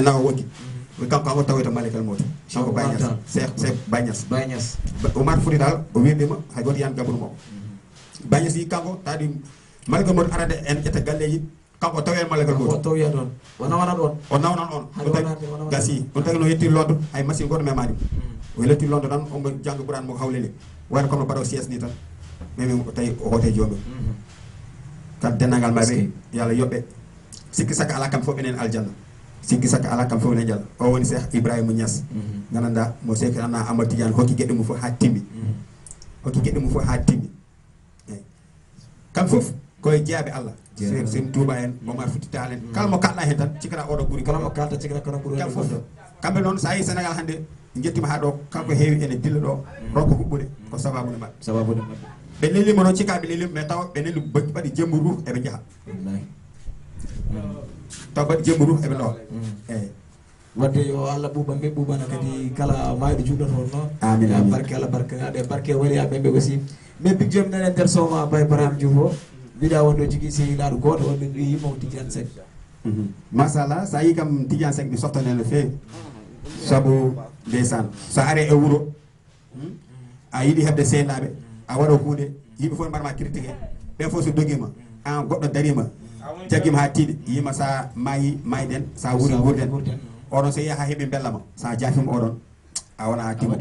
Nak la wogi kau tahu tawoyta malekal mawti kanko bañas banyak, saya, saya banyak, banyak. furi Furidal, o wirdima hay goto yan gaburu mako bañas yi tadi malekal mawti arade en ƴetta galleji kanko tawen malekal mawti o tawiya ɗon o nawanan on o nawnan don, gasi ɗum tagi no yetti lodde hay machine goto memani o letti lodde tan omo janggo ɓuran moko hawleli wayno comme no mbaɗa o sies ni tan mami tawi o hote joomum kam dennagal maɓe yo allah ya, yoɓɓe sikki saka ala kam aljanna sikki saka ala kam fewne jal o woni cheikh ibrahima nias mhm. gananda mo cheikh anna amadou tidiane hokki gueɗe mum fof ha timmi mhm. hokki gueɗe mum fof ha timmi eyyi kam fof koye jeeyaɓe allah sen touba en mar futi tal en mhm. kala mo kalɗa hen tan cikata oɗo guuri kala mo kalta cikata kono guuri kam fof kamɓe noon sa yi sénégal hannde jettima ha ɗo kanko heewi ene dilla ɗo rokko huɓɓude ko ma mabɓe sababude mabɓe ɓe lelima noon cikaɓe lelima mais taw ɓe neli baɗi jemmu ruuf eɓe jaaha taw kadi jemmu ru eɓe noon mm. eyi wadde yo allah ɓuuɓa ɓe ɓuuɓana kadi kala mawɓe juuɗoton noon amin barke allah barke aɗe barke waliyaɓe ɓe aussi mais bi jomi nane nder soma bay barame diofo wiɗa wonɗo jogui seyilaɗo goto on min wiyimo tidian sek mhm. masallah sa yi kam tidian sek mi softane no fewi saabu ndeysan so ari e wuuro hmm? a yiiɗi hebde seynaɓe a waɗa hunde yimɓe fof ne mbaɗama critiqué ɓe fof so doguima an goɗɗo darima jaggima ha tiiɗe yima sa mayi den, sa wuuri gurden oɗon so yaha heeɓi bellama sa jaafima oɗon a wona timo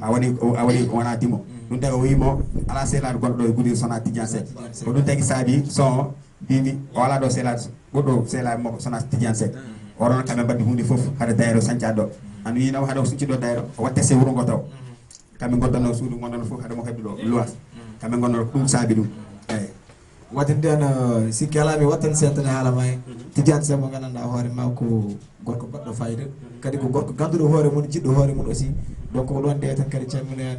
a waɗi a waɗi wona timo mm. ɗum tagi o wiimo ala sehlade goɗɗo ɗo e gudir sona tidian sek ko ɗum tagi saabi son o mbimi o ala ɗo sehlade goɗɗo sehlade makko sona tidian sek mm. oɗon kamɓe mbaɗde hunde foof haɗa dayro sañcade ɗo mm. an wino haɗa o succiɗo dayro o watte se wuuro ngo taw kamɓe gondanno suudu gondanno fof haɗa mo heddu ɗo luwas kamɓe gonnoɗo ɗum saabi ɗum wadde nden sikki alami wattan seedtane haalama he mhm. tijani sembo gandanɗa hoorema ko gorko baɗɗo fayida mhm. kadi ko gorko ganduɗo hoore mum jiɗɗo hoore mum aussi donc ko ɗon nde tan kadi camminoen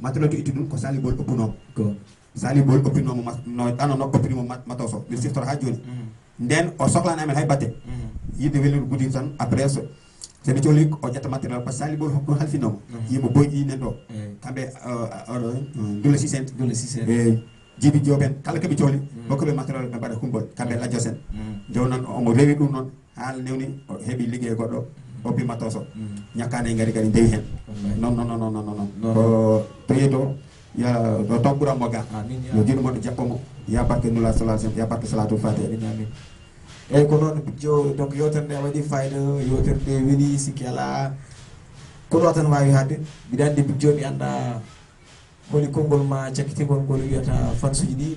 matelo to itidum ko salibol oppunomo salibol oppinomo no ɗanono oppinimo mato so mi siftora ha joni nden o sohlani amen hay batte mm-hmm. yidde wellude gudin tan après so sene cohli o ƴetta matériel par sali que salibol hokko halfinomo yimɓe boyɗi nen ɗo kamɓe oɗo dulle six ent dulle six ent eyi jiibi jooɓi en kala koɓe cohli hokkoɓe matériel ɓe mbaɗa kumbol kamɓe lajjos en jooni noon omo rewi ɗum noon haala newni o heeɓi liggey goɗɗo opi matoso hmm. nyakane ñakkande ngari kari dewi hen non non non non non non ko priyeto ya do kura moga yo jiɗumoɗo mo ya barke nula salatu ya barke salatu amin e ko non jo donc yewtere ne wadi fayda yewtere nde weeli sikki ala ko do tan wawi hadde mbiɗa andi big jo mi anda holi kongol ma cakkitigol ngol wiyata fansuji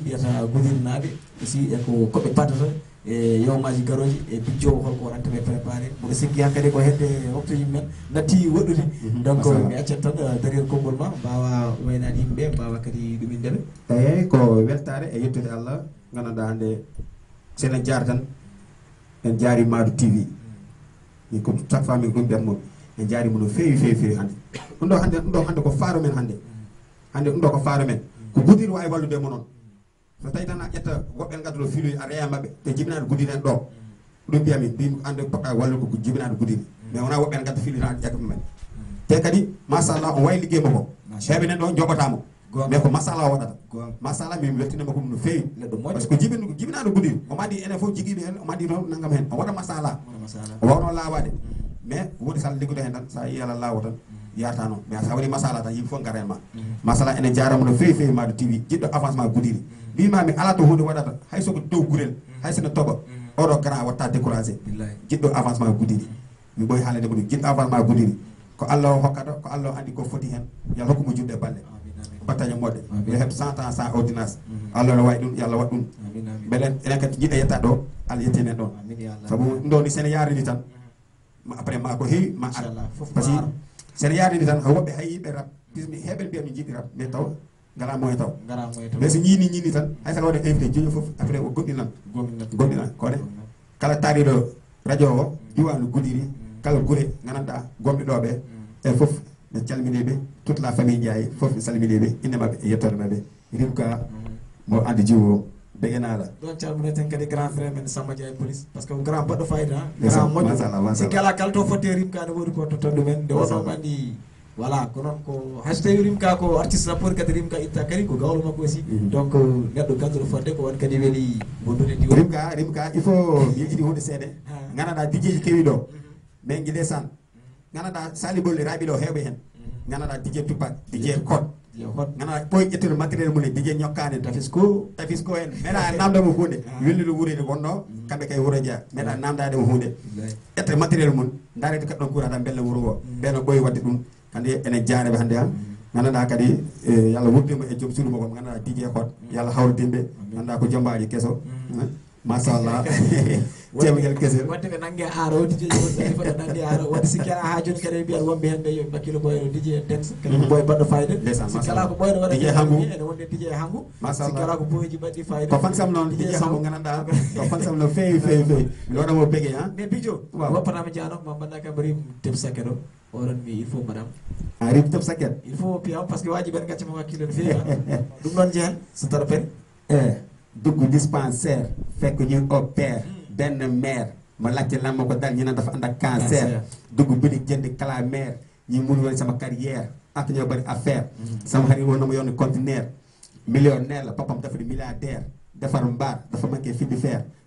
nabe si e ya, ko ko be patata e yewmaji garoji e bijjo holko waranta ɓe préparé mboɗo sikki hankkadi ko hedde wokto yimɓeen natti woɗɗude mhm, donc mi accat tan euh, darir konngol ma mbawa waynade yimɓeɓe mbawa kadi ɗumindeɓe eyyi ko weltare e yettude allah gandanɗa hande sene jaar tan en jaari madou tv min ko tak fami ko mbiyatmo en jaarimo no fewi fewi fewi hande ɗum ɗo hande ɗum ɗo hande ko faaro men hande hande ɗum ɗo ko faaro men ko gudir wawi wallude e mo noon so tawi tan a ƴetta woɓɓen gadduɗo filoy a reya mabɓe te jibinaɗo gudinen ɗo ɗum mbiyami mbimi ande poɗɗa wallu ko jibinaɗo gudini mais wona woɓɓen gadda filu tan ƴetta ɗum te kadi machallah o wayi ligguey makko heɓe ne ɗo joɓotamo mais ko masala o waɗata masala min weltinima ko ɗum no fewi par ce que jibin jibinaɗo gudini omo andi enen foof jiguiɗo hen omo andi noon naggam hen o waɗa masala o wawno lawade mais woni sala liggoto hen tan sa yi ala lawo tan yarata noon mais sa waɗi masala tan yimɓe fo gara hen ma masala ene jarama no fewi fewi maɗo tiwi jiɗɗo avancement gudini mbimami ala to hunde waɗata hay soko dow gurel mm. hay sino toɓa mm. oɗo grand watta découragé jiɗɗo avancement guddiɗi mi ɓoyi haalade ko ɗum jiɗɗo avancement guddiɗi ko allah o hokkata ko allah o andi ko foti hen hokku mo juɗɗe balle battaño moɗɗe yo heɓ 100 ans sans ordonnance mm. allah no wawi ɗum yo allah waɗ ɗum beele enen kadi jiɗɗa yettaɗe o allah yettinen ɗon saabu ɗum ɗo ni tan ma après ma ko heewi ma ar par ce que sene yaridi tan woɓɓe hay yiɓe rab pismi heɓen mbiya min jiiɗi rab mais taw gara moyto gara moyto mais so ñini ñini tan ay sa wode invité jojo fof après o goddi nan goddi nan ko de kala tarido radio o diwanu gudiri kala gure ngananda gombe dobe e fof ne calmini be toute la famille jaay fof ne salmini be inna mabbe yettore mabbe rimka mo andi jiwo begena la itu calmineten kadi grand frère men sama diaye police parce que grand baɗɗo fayida grand moƴƴo si kala kala to fotte rimka ne wodi ko tottan ɗumen nde wono ɓandi voilà konon ko hayso tawi rimka ko artiste rapport kadi rimka itta kari ko gawlo makko aussi e mhm. donc euh, neɗɗo gadduɗo fodde ko won kadi weeli bondude diw rimka rimka il faut yejiɗi hunde seeɗe ganaɗa dijeji kewi ɗo ɓen mhm. guiɗe san mhm. ganaɗa sali bolli raaɓi ɗo heɓe hen ganaɗa dije tupak dije code gana ɓoy ƴettude matériel mum ne dije ñokkade tafisco tafisco en namda namdemo hunde wellude wuurede wonno kamɓe kay wuuro jeeya meeɗa namdademo hunde ƴetta matériel mum darede kaɗɗon kuurata bella wuuro o ɓeno ɓoyi wadde ɗum kadi ene jaareɓe hannde a gandanɗa kadi yallah wuddima e joom suudu mogom gandanɗa digue e hoot yallah hawrodinɓe gandanɗa ko joombaji kesso masallah mm. eh, jamigal kesel wonde ɓe nangge ara o dj fo ɓe nangge ara wonde si kala ha joni kadi mbiyata wonɓe hen ɓe yooɓe bakkilo ɓoyno dj en dens kadi ɓoye baɗɗo fayida si kala ko ɓoyno waɗa hangu ene wonde dj hangu si kala ko boyji baɗɗi fayida ko fansam noon dj hangu gandanɗa ko fansam no fewi fewi fewi mi waɗamo begue ha mais bijo woppatama diano ma mbaɗɗa kam rim teb saket o oh. oɗon mi il faut madame a ah, rim teb saket il faut piyaw oh, par ce que waji ɓen gaccama hakkille no fewi ɗum noon jehen so taɗa pen e eh, duggu dispensaire fekko ñin opére mm. benn maire ma laajte lan ma ko dal ñu ne dafa ànd ak cancer dugg bëri jënd clamère ñi mun woon sama carrière ak ñoo bëri affaire mm-hmm. sama xarit woon na ma yoon conteneur millionnaire la papam dafa di milliardaire defar mbaar dafa manqué fii di faire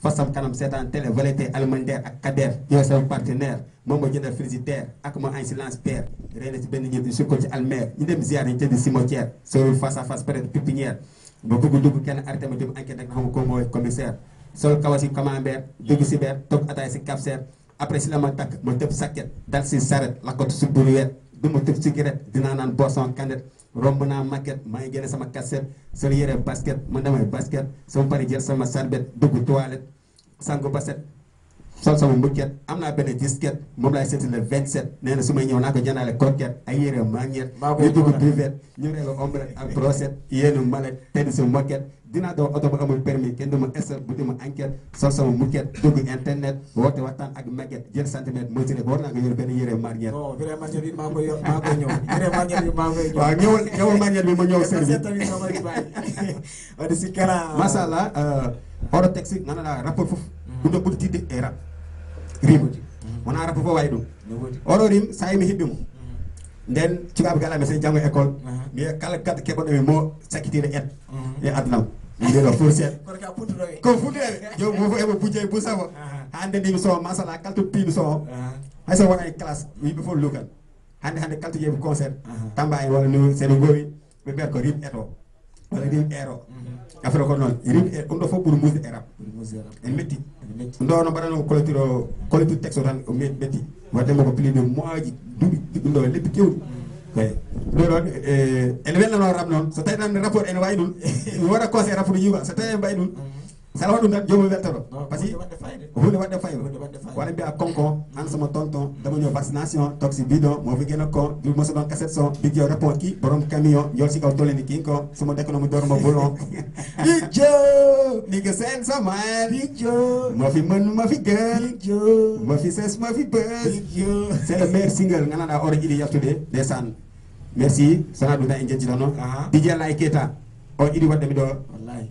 fas sam kanam seetaan télé volonté allemande ak Kader ñooy sama partenaire moom ma jëndal frigidaire ak ma en silence père rey na si benn ñëpp su ko ci almer ñu dem ziar ñu tëdd cimetière soo face à face peut-être pépinière ba bëgg dugg kenn arrêté ma jëm enquête ak nga xam ko mooy commissaire sol kawasi si camembert dugg si beer toog ataay si capser après si la ma takk ma tëb sakket dal si saret la si buru wet du ma tëb cigarette dinaa naan boisson canette romb naa maquette maa ngi génne sama cassette sol yére basket ma damay basket sama pare jël sama sarbet dugg toilette sangu ba set sol sama mbëkket am naa benn disket moom laay seeti le 27 nee na su may ñëw naa ko jëndaale korket ay yére magnet ñu dugg duvet ñu reega ombre ak dinaa daw oto ba amul permis kenn du ma estal mukket dugg internet woote waxtaan ak maguette jël centimètre moo ci nekk war naa ko yor benn yére marnière non vrai marnière oro texte nana la rapport foofu bu na ɓurtide e rap riibude mana arab fof way ɗum oɗo rim saya mi hebbimo nden cukaɓe kala mi sen janggo école mi kala kadi keɓoɗo mi mo sakkitina en e adnam mbiɗo fof seeɗa ko fuɗɗoɓe joni mo fof eɓe bujje busafo hande ndi so soo masala kala pin pimi soo so wona e classe yimɓe fof lukan hande hande kala to yeeɓe concert tamba en walla ni seɗe gowi ɓe mbiyata ko rim eto ero affaire ko noon rim e ɗum ɗo fof ɓuuri muse érab e en metti ɗo no mbaɗano colture colture texte tan o metti waddemo ko pli de moiji duuɓi ɗum ɗo leppi kewɗi mm. eyi ɗo ɗon e, ene welnano rab noon so tawi tan rapport ene wawi ɗum wora cose rapport yiwa so tawi en mbawi ɗum mm. saɗa waɗa ɗum tan jomum weltoro par ce que hunde waɗde fayru wona mbiya konko an somo tonton damoño vaccination toxi bidon mo wigueno ko dumoso ɗon cassette so bigio report ki borom camion jol sikaw toleni kinko somo dekonomo dormo bolon bigio niga sen samar bigio mafi manu mafi gueule bigio mafi ses mafi buzz bigio c'est le meilleur single gandanɗa ore iɗi yaltude desan. merci sona ɗum tan en jejjitano dj lay keta o iɗi waɗɗemi ɗo wallahi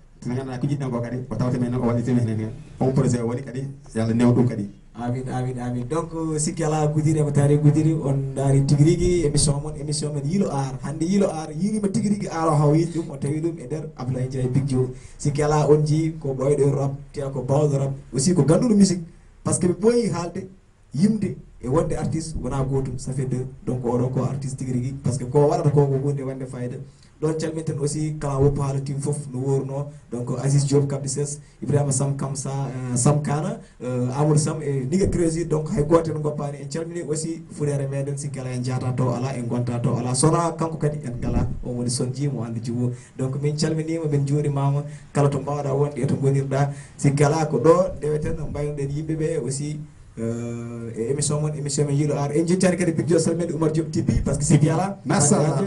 na ko jiɗɗa ko kadi o tawte men o wallite men hen on projet o kadi yo allah kadi amin amin amin donc sikki ala gudiri emo taari gudiri on dari tigui rigui émission moon émission men yiilo ar hande yiilo ar yiirima tigui rigui ar o haw yiiti ɗum o tawi ɗum e nder abdoulaye ndiaye big jo sikki ala on jii ko ɓoyɗo rap tewa ko bawɗo rap aussi ko ganduɗo musique par que ɓe yimde e wonde artiste wona gotum ça fait deux donc oɗo ko artiste tigui rigui par ce que ko waɗata ko ko hunde wande fayida ɗon calminten aussi kala woppa haala tim foof no wurno donc asis diop kabdi ses ibrahima sam kamsa euh, sam kana euh, amadou sam e niga creusi donc hay goten goppani en calmini aussi fuɗere meɗen si gala en jaata to ala en gonta to ala sona kanko kadi en gala o woni son jimo andi jiwo donc min calminima min juurimama kala to mbawɗa wonde e to gonirɗa si gala ko ɗo ndeweten mbaynoɗen yimɓeɓe aussi et émission mon émission men yiɗo ar en jettani kadi big josal men oumar diom tibi par ce que sibi masala masallah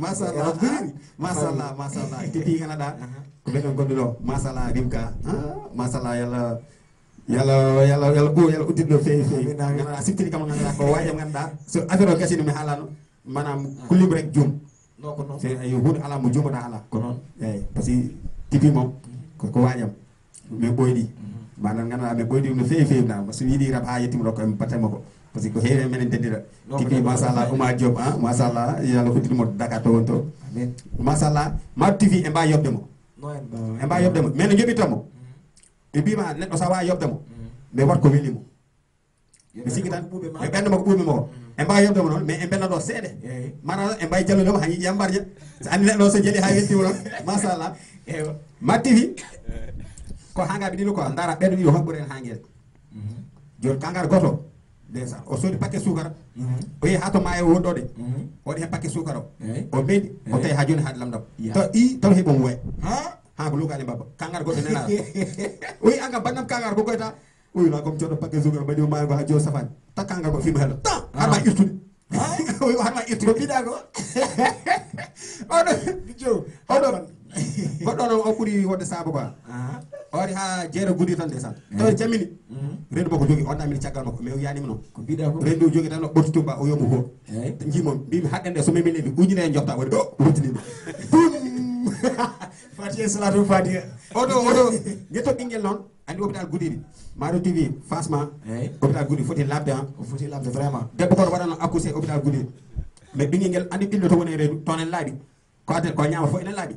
masallah masallah masallah tibi ganaɗa ko ɓeɗen gonɗuɗo masallah rim ka masallah yallah yalla yalla yalla goo yalla udditno feewi feewi ganaɗa siftini kama ganduɗa ko wawi jam ganduɗa so affaire o gasino mi haalano manam kullim rek joom non ko noon ay hunde ala mo joomoɗa ala ko noon eyyi par ce que tibi moom koko waƴam mais ɓoyɗi manam ganduɗa mi goydi ɗum no fewi fewi nama so yiiɗi rab ha yettima ɗo koyemi batema ko par ce que ko heewi men en deddira kiki masallah oma diom a masallah yo allah hoddinimo dakar to won to masallah mat tifi e mba yobdemo e mba yobdemo mais no joɓitomo mm. ɓe mbima neɗɗo sa wa yobdemo mais mm. wat ko welimo mi sigi tan yo ɓenndema ko ɓuumi mo o mm. e mbawi yobdemo noon mais e mbennaɗo seeɗe manaa e mbawi jallodemo ha yiiɗi yambarje so anndi neɗɗo so jeeli ha yettimo ɗon masallah mat tifi ko hanga dilu ko ndara bedu yo hobbore hangel mm -hmm. kangar goto desa o sodi paquet sukara mm -hmm. o yi ha to maayo wonɗo mm -hmm. o waɗi pake mm-hmm. mm-hmm. paquet o hey. o meɗi o tay ha joni haade lamdam yeah. to i to heɓo mo way ha ko lukani baba kangar goɗɗo nena yi anga bannam kangar ko koyta uyna comme coɗo paquet sukara mbaɗi o maayo go ha joni safan ta kangar ko fima hello tan ah. haɗma irtude haɗma Oh, ko oh, ko oɗo oɗo goɗɗo ɗo o ɓuuri wodde saaba quoi ah. ori ha jeere guddi tan desan. to jamini rendu mako jogi onna min caggal mako mais o yanima ko mbiɗa ko rendu o jogi tan o ɓottu tumba o yomu ho eyyi eh? jiimom mbimi haqqen nde so memilemi ujune en jofta waɗi ɗo wurtinima dum fatiha salatu fatiha oɗo oɗo guetto ɓinguel noon andi hôpital guddiɗi maɗo tv franchement eh? hôpital guddi foti labde han foti labde vraiment debbo koto waɗano accusé hôpital guddiɗi mais ɓinguel ngel andi ɓillo to woni e reedu toon ko ko ñaama fof ene laaɓi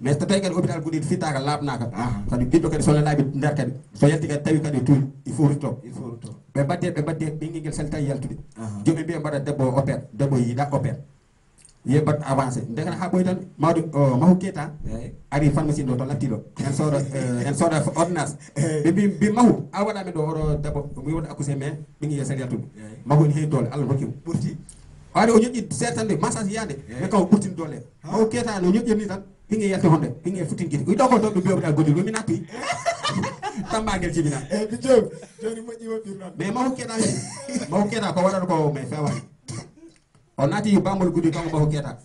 mais so tawi kadi hôpital guɗiɗo fita laaɓnaka ah, kadi ɓiɗɗo ah sone laaɓi nder kadi so yalti kadi tawi kadi tuuñi il faut rutto ɓe mbadde ɓe mbadde gel ngel sali tawi yaltude ah. joomi mbiya mbaɗa debbo opére debbo yiiɗa opére ye bat avancé ndekana ha ɓoy tan mawɗo mahu keta ari pharmacie do to latti ɗo en sooda eh, en sooda ordonnance ɓe mbi mbi mahu a waɗami ɗo oɗo debbo mi waɗa accusé mais ɓingi ye sali yaltude mahu ene heewi doole allah rokkimo ɓurti ari o ñoƴƴi seetan de massage yiyande kaw ɓurtin doole mawo keetani o ñoƴƴen tan pinge yette honde pinge futtinkiɗi eh, eh. eh. ko ɗoko toon ɗo mbiyoɓeɗa godil womi nappi tambaguel jibina mais mawo keeta mawo keeta ko waɗata ko mais fewani o naati bamol guddi kanko mawo keeta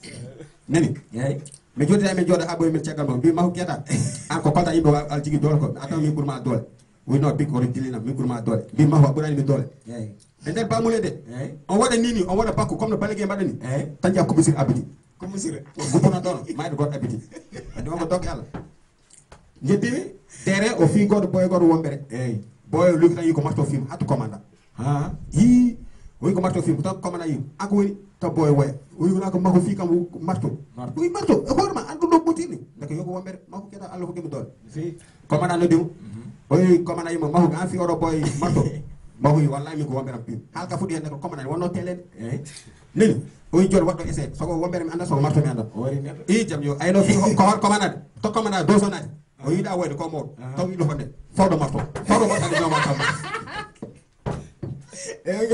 nani eyyi mi joddita min jooɗo ha min caggal mo mbi mawo keeta an ko kolta yimɓe al jigui doole ko a tawa min ɓuurma doole wino bik oto dillinam min ɓuurma doole mbi mawo a ɓuurani min doole eyyi ende bamule eh? de on waɗa nini on waɗa pakku comme no balegue mbaɗa ni eh? tañƴa ko misir abidi ko misir guppona ɗon mayde goto abidi andi on ko dokke allah jeddimi tere o fi goto boyo goto wonɓere eyyi eh? boyo luki tan yi ko marto film hatto commanda ha yi oyi ko marto film tan commanda yi ako woni ta boyo woya oyinako mako fi kam marto oyi marto e hoore ma an ɗum ɗo ɓotini deke yoko wonɓere mako keɗa allah ko kemi doole commanda noddimo oyi mhm. commanda yimo mako an fi oɗo boy marto mahuyi wallahi min ko wombere am ɓiɓ haal ka fuɗi hennde ko commandani wonno telen eyi eh? nani oyi joni waɗɗo essai soko wombere mi anda soko marto mi anda i jaam yo ayno fi ko hot commandade to commandade deux sonade o ah. yiiɗa woyde ko mawɗo ah. taw yiɗo honde fawɗo marto fawɗo martade ñoma kamma eyi eh,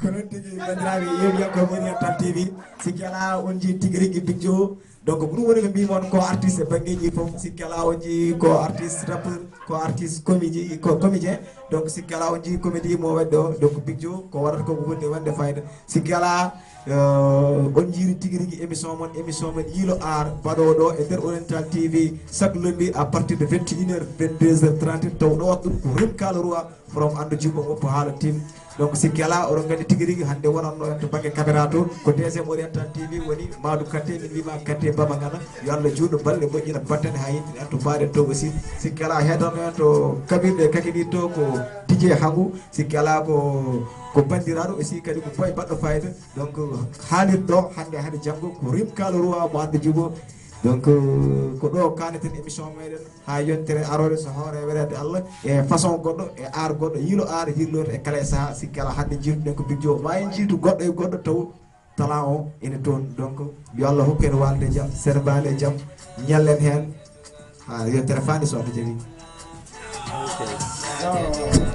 ko noon tigui bandiraɓe yewi yakko e moni tan tv sikki ala on ji tigui rigui bigjo donc ko ɗum woni ko mbimon ko artiste banggueji foof sikke lawji ko artiste rappeur ko artiste comédi ko comédien donc sikke lawji ah, comédi mo waɗɗo donc bigjo ko warata koko hunde wande fayida sikkala on jiiri tigui rigui émission moon émission men yiilo ar baɗoɗo e nder oriental tv chaque lundi à partir de 21 heures 22 heures 30 taw ɗo waɗa ɗum ko rim kala roi from andu jibo oppo haala tim donc sikki ala oɗon gandi tigui rigui hande wonanno en to banggue caméra to ko deuxiéme orientant tv woni madou katté min wima katté baba gana yo allah juutɗo balɗe moƴƴina battane ha yimɓe en to mbaɗen to aussi sikki ala heedanno en to kabirɗe kakini to ko dj hangu sikki ala ko ko bandiraɗo aussi e kadi ko boye mbaɗɗo fayida donc haalirɗo hande hade janggo ko rim kalo rowa mo anda jogo donc ko euh, ɗo kaneten émission meɗen ha yontere arore so hoore weɗede allah e façon goɗɗo e ar goɗɗo yiilo ar yirloto e kala e saaha sikki ala hande jirtuɗen ko bijjo mawi jiitu goɗɗo e goɗɗo taw talent o ene toon donc yo allah hokku hen walde jaam serbale jaam ñallen hen ha yontere fande soto jaawi okay. okay. okay. okay. okay. okay.